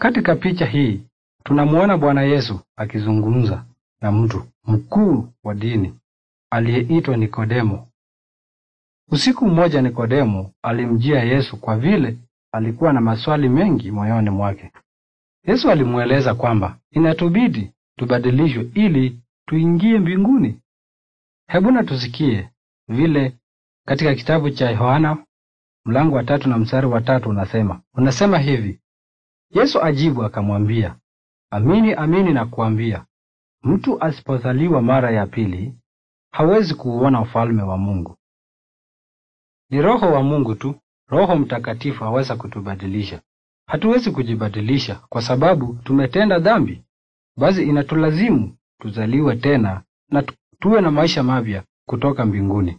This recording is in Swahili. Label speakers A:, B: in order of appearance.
A: Katika picha hii tunamwona Bwana Yesu akizungumza na mtu mkuu wa dini aliyeitwa Nikodemo. Usiku mmoja Nikodemo alimjia Yesu kwa vile alikuwa na maswali mengi moyoni mwake. Yesu alimweleza kwamba inatubidi tubadilishwe ili tuingie mbinguni. Hebu na tusikie vile katika kitabu cha Yohana mlango wa tatu na mstari wa tatu unasema, unasema hivi: Yesu ajibu akamwambia, amini amini nakuambia, mtu asipozaliwa mara ya pili hawezi kuuona ufalme wa Mungu. Ni Roho wa Mungu tu, Roho Mtakatifu aweza kutubadilisha. Hatuwezi kujibadilisha kwa sababu tumetenda dhambi, basi inatulazimu tuzaliwe tena na tuwe na maisha mapya kutoka mbinguni.